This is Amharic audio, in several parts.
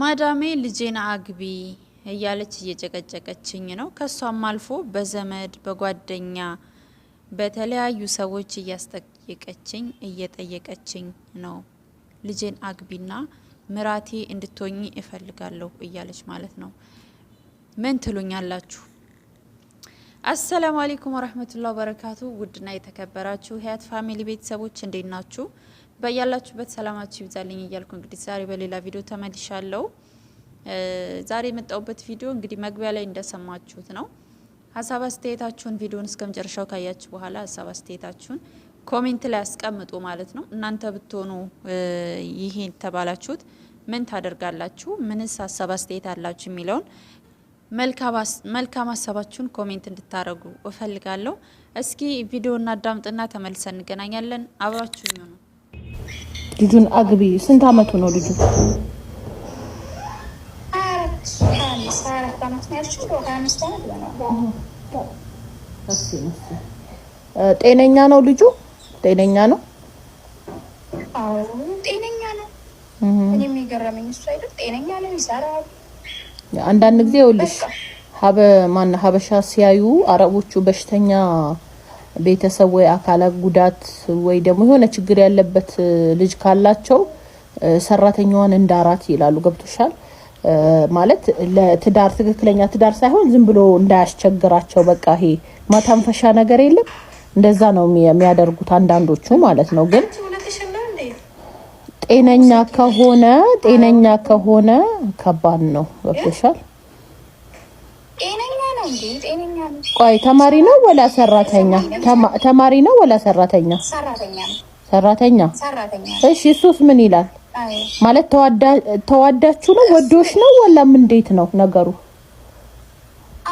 ማዳሜ ልጄን አግቢ እያለች እየጨቀጨቀችኝ ነው። ከሷም አልፎ በዘመድ በጓደኛ በተለያዩ ሰዎች እያስጠየቀችኝ እየጠየቀችኝ ነው። ልጄን አግቢና ምራቴ እንድትሆኝ እፈልጋለሁ እያለች ማለት ነው። ምን ትሉኛላችሁ? አሰላሙ አሌይኩም ወረህመቱላ በረካቱ። ውድና የተከበራችሁ ህያት ፋሚሊ ቤተሰቦች እንዴት ናችሁ? በያላችሁበት ሰላማችሁ ይብዛልኝ እያልኩ እንግዲህ ዛሬ በሌላ ቪዲዮ ተመልሻለሁ። ዛሬ የመጣውበት ቪዲዮ እንግዲህ መግቢያ ላይ እንደሰማችሁት ነው። ሀሳብ አስተያየታችሁን ቪዲዮን እስከ መጨረሻው ካያችሁ በኋላ ሀሳብ አስተያየታችሁን ኮሜንት ላይ አስቀምጡ ማለት ነው። እናንተ ብትሆኑ ይሄ ተባላችሁት ምን ታደርጋላችሁ? ምንስ ሀሳብ አስተያየት አላችሁ የሚለውን መልካም ሀሳባችሁን ኮሜንት እንድታደርጉ እፈልጋለሁ። እስኪ ቪዲዮ እናዳምጥና ተመልሰን እንገናኛለን። አብራችሁ ነው ልጁን አግቢ። ስንት አመቱ ነው ልጁ? ጤነኛ ነው ልጁ? ጤነኛ ነው። ጤነኛ ነው። እኔ የሚገረመኝ እሱ አይደል? ጤነኛ ነው፣ ይሰራል። አንዳንድ ጊዜ ይኸውልሽ ሀበ ማን ሀበሻ ሲያዩ አረቦቹ በሽተኛ ቤተሰብ ወይ አካለ ጉዳት ወይ ደግሞ የሆነ ችግር ያለበት ልጅ ካላቸው ሰራተኛዋን እንዳራት ይላሉ። ገብቶሻል ማለት ለትዳር ትክክለኛ ትዳር ሳይሆን ዝም ብሎ እንዳያስቸግራቸው በቃ ይሄ ማታንፈሻ ነገር የለም። እንደዛ ነው የሚያደርጉት አንዳንዶቹ ማለት ነው። ግን ጤነኛ ከሆነ ጤነኛ ከሆነ ከባድ ነው። ገብቶሻል ቆይ ተማሪ ነው ወላ ሰራተኛ? ተማሪ ነው ወላ ሰራተኛ? ሰራተኛ። እሺ እሱስ ምን ይላል? ማለት ተዋዳችሁ ነው ወዶሽ ነው ወላም እንዴት ነው ነገሩ?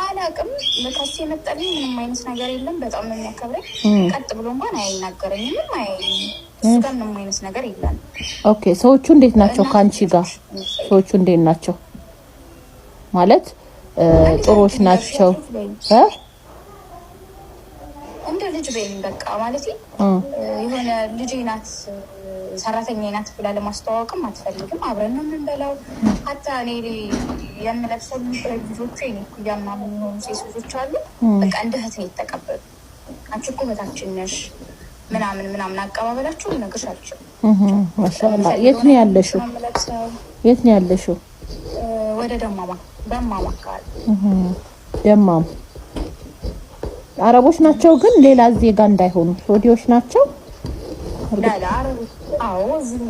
አላቅም ከሱ የመጣልኝ ምንም አይነት ነገር የለም። በጣም ነው የሚያከብረኝ። ቀጥ ብሎ እንኳን አይናገረኝ። ምንም አይ ምንም አይነት ነገር የለም። ኦኬ። ሰዎቹ እንዴት ናቸው? ከአንቺ ጋር ሰዎቹ እንዴት ናቸው ማለት ጥሩዎች ናቸው። እንደ ልጅ በይኝ በቃ ማለት የሆነ ልጅ ናት ሰራተኛ ናት ብላ ለማስተዋወቅም አትፈልግም። አብረን ነው የምንበላው። ሀታ እኔ የምለብሰው ልጆቹ ኩያማ የሚሆኑ ሴት አሉ። በቃ እንደ እህት ነው የተቀበሉ። አንቺ እኮ እህታችን ነሽ ምናምን ምናምን አቀባበላቸው ነገሻቸው። የት ነው ያለሽው? የት ነው ያለሽው? ወደ ደማማ ደማማ አካባቢ ደማም አረቦች ናቸው። ግን ሌላ እዚህ እንዳይሆኑ ሶዲዎች ናቸው። አዎ እዚህ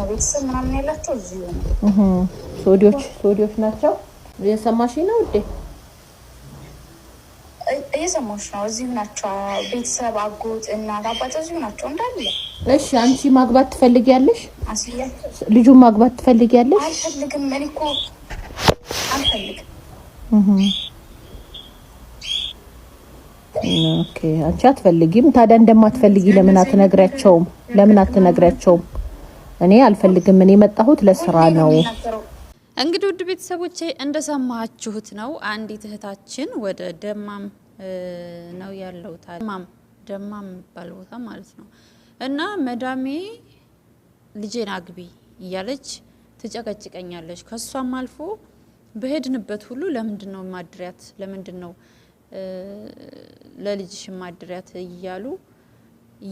እዚህ ነው። ሶዲዎች ሶዲዎች ናቸው። እየሰማሽ ነው እየሰማሽ ነው። እዚሁ ናቸው ቤተሰብ፣ አጎት፣ እናት፣ አባት እዚሁ ናቸው እንዳለ። እሺ አንቺ ማግባት ትፈልጊያለሽ? ልጁን ማግባት ትፈልጊያለሽ? አልፈልግም እኔ እኮ አልፈልግም። ኦኬ አንቺ አትፈልጊም። ታዲያ እንደማትፈልጊ ለምን አትነግሪያቸውም? ለምን አትነግሪያቸውም? እኔ አልፈልግም፣ እኔ የመጣሁት ለስራ ነው። እንግዲህ ውድ ቤተሰቦቼ እንደሰማችሁት ነው። አንዲት እህታችን ወደ ደማም ነው ያለው ደማም ደማም የሚባል ቦታ ማለት ነው። እና መዳሜ ልጄን አግቢ እያለች ትጨቀጭቀኛለች ከሷም አልፎ በሄድንበት ሁሉ ለምንድን ነው ማድሪያት፣ ለምንድን ነው ለልጅሽ ማድሪያት እያሉ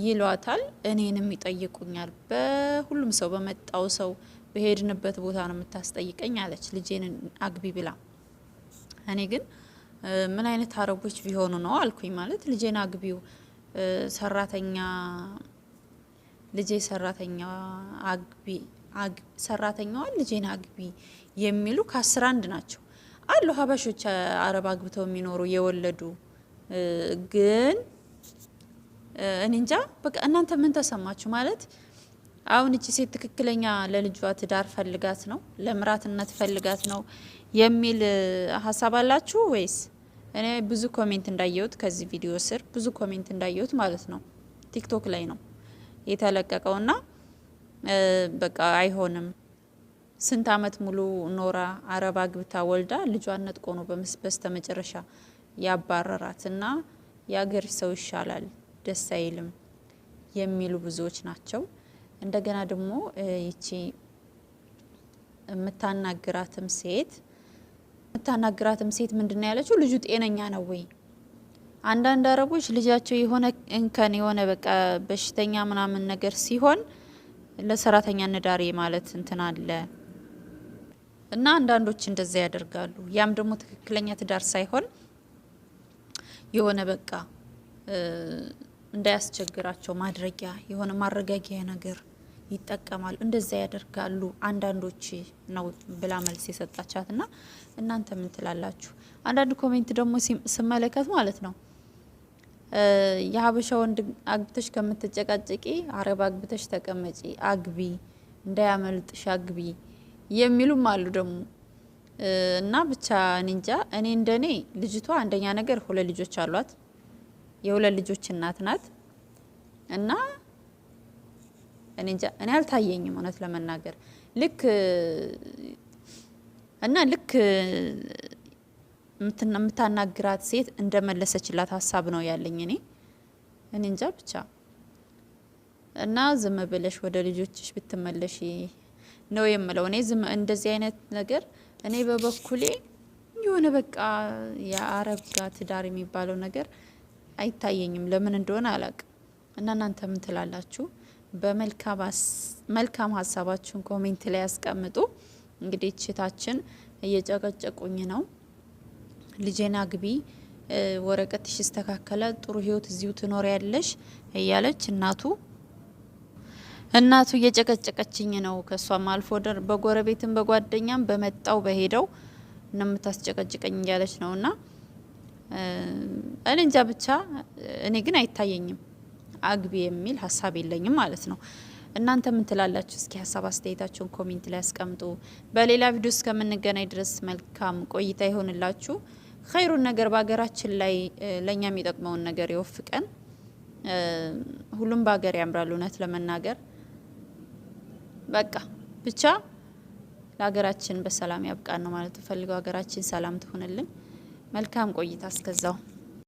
ይሏታል። እኔንም ይጠይቁኛል። በሁሉም ሰው በመጣው ሰው በሄድንበት ቦታ ነው የምታስጠይቀኝ አለች ልጄን አግቢ ብላ። እኔ ግን ምን አይነት አረቦች ቢሆኑ ነው አልኩኝ። ማለት ልጄን አግቢው ሰራተኛ ልጄ ሰራተኛ አግቢ ሰራተኛዋን ልጄን አግቢ የሚሉ ከአስር አንድ ናቸው አሉ ሀበሾች አረብ አግብተው የሚኖሩ የወለዱ ግን እንጃ በቃ እናንተ ምን ተሰማችሁ? ማለት አሁን እቺ ሴት ትክክለኛ ለልጇ ትዳር ፈልጋት ነው ለምራትነት ፈልጋት ነው የሚል ሀሳብ አላችሁ ወይስ? እኔ ብዙ ኮሜንት እንዳየሁት ከዚህ ቪዲዮ ስር ብዙ ኮሜንት እንዳየሁት ማለት ነው ቲክቶክ ላይ ነው የተለቀቀውና በቃ አይሆንም ስንት አመት ሙሉ ኖራ አረባ ግብታ ወልዳ ልጇን ነጥቆ ነው በስተ መጨረሻ ያባረራት እና የአገር ሰው ይሻላል ደስ አይልም የሚሉ ብዙዎች ናቸው። እንደገና ደግሞ ይቺ የምታናግራትም ሴት የምታናግራትም ሴት ምንድነው ያለችው? ልጁ ጤነኛ ነው ወይ? አንዳንድ አረቦች ልጃቸው የሆነ እንከን የሆነ በቃ በሽተኛ ምናምን ነገር ሲሆን ለሰራተኛ ነዳሪ ማለት እንትን አለ እና አንዳንዶች እንደዛ ያደርጋሉ። ያም ደግሞ ትክክለኛ ትዳር ሳይሆን የሆነ በቃ እንዳያስቸግራቸው ማድረጊያ የሆነ ማረጋጊያ ነገር ይጠቀማሉ። እንደዛ ያደርጋሉ አንዳንዶች ነው ብላ መልስ የሰጣቻት እና እናንተ ምን ትላላችሁ? አንዳንድ ኮሜንት ደግሞ ስመለከት ማለት ነው የሀበሻ ወንድ አግብተሽ ከምትጨቃጨቂ አረብ አግብተሽ ተቀመጪ፣ አግቢ፣ እንዳያመልጥሽ አግቢ የሚሉም አሉ ደግሞ እና ብቻ ኒንጃ። እኔ እንደኔ ልጅቷ አንደኛ ነገር ሁለት ልጆች አሏት፣ የሁለት ልጆች እናት ናት። እና እኔ እኔ አልታየኝም እውነት ለመናገር ልክ እና ልክ የምታናግራት ሴት እንደመለሰችላት ሀሳብ ነው ያለኝ። እኔ እኔ እንጃ ብቻ እና ዝም ብለሽ ወደ ልጆችሽ ብትመለሽ ነው የምለው። እኔ ዝም እንደዚህ አይነት ነገር እኔ በበኩሌ የሆነ በቃ የአረብ ጋር ትዳር የሚባለው ነገር አይታየኝም፣ ለምን እንደሆነ አላቅ እና እናንተ ምን ትላላችሁ? በመልካም ሀሳባችሁን ኮሜንት ላይ ያስቀምጡ። እንግዲህ ችታችን እየጨቀጨቁኝ ነው ልጄን አግቢ ወረቀትሽ ይስተካከላል፣ ጥሩ ህይወት እዚሁ ትኖር ያለሽ እያለች እናቱ እናቱ እየጨቀጨቀችኝ ነው። ከእሷም አልፎ ደር በጎረቤትም በጓደኛም በመጣው በሄደው ነው የምታስጨቀጭቀኝ እያለች ነው እና እኔ እንጃ ብቻ እኔ ግን አይታየኝም አግቢ የሚል ሀሳብ የለኝም ማለት ነው። እናንተ ምን ትላላችሁ? እስኪ ሀሳብ አስተያየታችሁን ኮሜንት ላይ አስቀምጡ በሌላ ቪዲዮ እስከምንገናኝ ድረስ መልካም ቆይታ ይሆንላችሁ። ኸይሩን ነገር በሀገራችን ላይ ለእኛ የሚጠቅመውን ነገር ይወፍቀን። ሁሉም በሀገር ያምራል እውነት ለመናገር በቃ ብቻ ለሀገራችን በሰላም ያብቃን ነው ማለት ፈልገው። ሀገራችን ሰላም ትሆንልን። መልካም ቆይታ እስከዛው